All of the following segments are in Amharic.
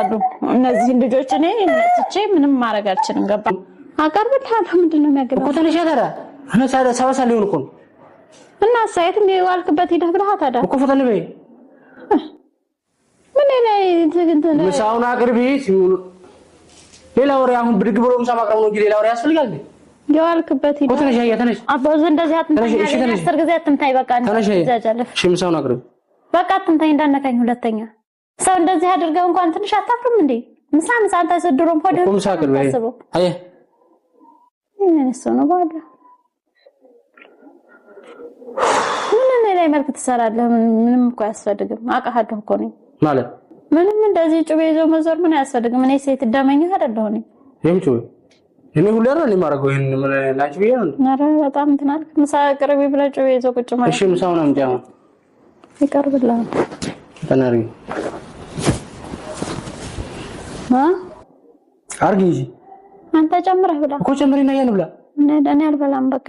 አሉ እነዚህን ልጆች እኔ ትቼ ምንም ማድረግ አልችልም። ገባ አቀርብልሃለሁ። ምንድን ነው የሚያገባ እኮ ሊሆን እኮ እና አስተያየት እንዲ ዋልክበት ሂደህ ብለሃ ታዲያ እኮ ፈጠን በይ። ምን ላይ ምሳውን አቅርቢ። ሌላ ወሬ አሁን ብድግ ብሎ ምሳ ማቅረብ ነው እንጂ ሌላ ወሬ ያስፈልጋል። የዋልክበት ሂደህ ትንሽ አየህ። ትንሽ አባዙ እንደዚህ አትንታኝ። አስር ጊዜ አትንታኝ። በቃ ምሳውን አቅርቢ። በቃ አትንታኝ፣ እንዳነካኝ ሁለተኛ ሰው እንደዚህ አድርገው እንኳን ትንሽ አታፍርም እንዴ? ምሳ ምሳ አንተ ስድሮም ሆድ ምሳ ቅርብ አየ ምን ሰው ነው ባለ ምን እኔ ላይ መልክ ትሰራለህ? ምንም እኮ አያስፈልግም። አውቃሃለሁ እኮ ነኝ ማለት ምንም እንደዚህ ጩቤ ይዞ መዞር ምን አያስፈልግም። እኔ ሴት እዳመኝ አይደለሁ ነኝ ይሄም ጩቤ እኔ ሁሉ ያረ ነው ማረገው ይሄን ምን ላጭ ብዬ ነው። አረ በጣም እንትን አልክ። ምሳ ቅርብ ብለህ ጩቤ ይዞ ቁጭ ማለት እሺ፣ ምሳውን አምጪ ይቀርብላ ተናሪ አርጊ እንጂ አንተ ጨምረህ ብላ እኮ ጨምሪና ያን ብላ እኔ አልበላም። በቃ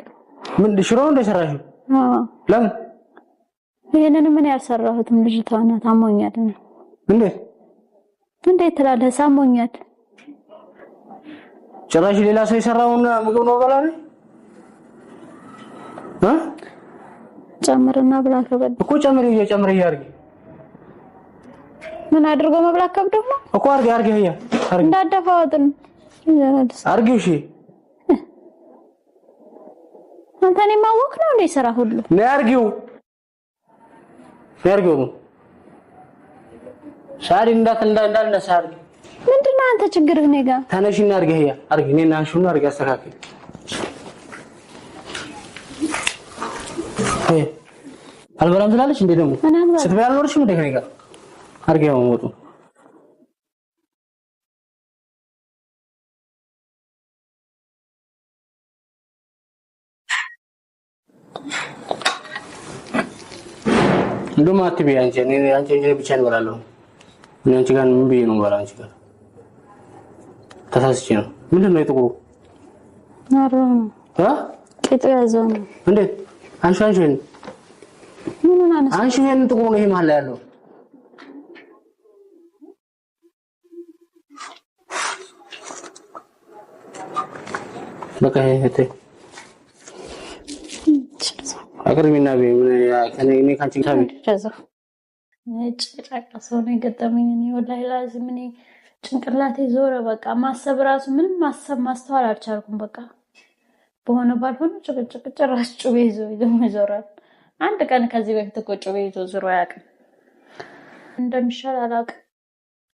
ምን ሽሮ እንደሰራሽው? አዎ። ለምን ይሄንን ምን ያልሰራሁትም ልጅቷ ናት። አሞኛል። እንዴት ትላለህ? ሳሞኛል። ጭራሽ ሌላ ሰው የሰራውን ምግብ ነው ጨምርና ብላ ከበድ እኮ ጨምሪ፣ ጨምሪ አርጊ ምን አድርጎ መብላት ከብዶህ እኮ አርገ አርገ ይያ እንዳዳፋ ወጥን አርገው እሺ አንተ እኔ ማወቅ ነው እንዴ ስራ ሁሉ ነው አርገው ነው አርገው ሳሪ እንዳት እንዳ እንዳ እንዳ ሳሪ ምንድነው አንተ ችግር እኔ ጋር ተነሽና አርገ ይያ አርገ እኔና አንሹና አርገ አስተካክል አልበላም ትላለች እንዴ ደግሞ ስትበያ አልኖርሽም እንዴ ከኔ ጋር አድርጌው ወጡ እንደውም አትቤ አንቺ እኔ አንቺ እንጀራ ብቻ እንበላለሁ። እኔ አንቺ ጋር ምን ብዬ ነው የምበላው? አንቺ ጋር ተሳስቼ ነው። ምንድን ነው የጥቁሩ? ኧረ እ ቂጡ ያዘው ነው። እንዴት አንሺው፣ አንሺው ይሄን ጥቁሩ ነው ይሄ መሀል ላይ ያለው በቃ እህቴ አቅርቢና እኔ ካንቺ ጋር ጭራቅ ሰው ነው የገጠመኝ። ወላሂ ላዚም እኔ ጭንቅላቴ ዞረ። በቃ ማሰብ ራሱ ምንም ማሰብ ማስተዋል አልቻልኩም። በቃ በሆነ ባልሆነ ጭቅጭቅ ጭራሽ ጩቤ ይዞ ይዞራል። አንድ ቀን ከዚህ በፊት እኮ ጩቤ ይዞ ዝሮ አያውቅም። እንደሚሻል አላውቅም።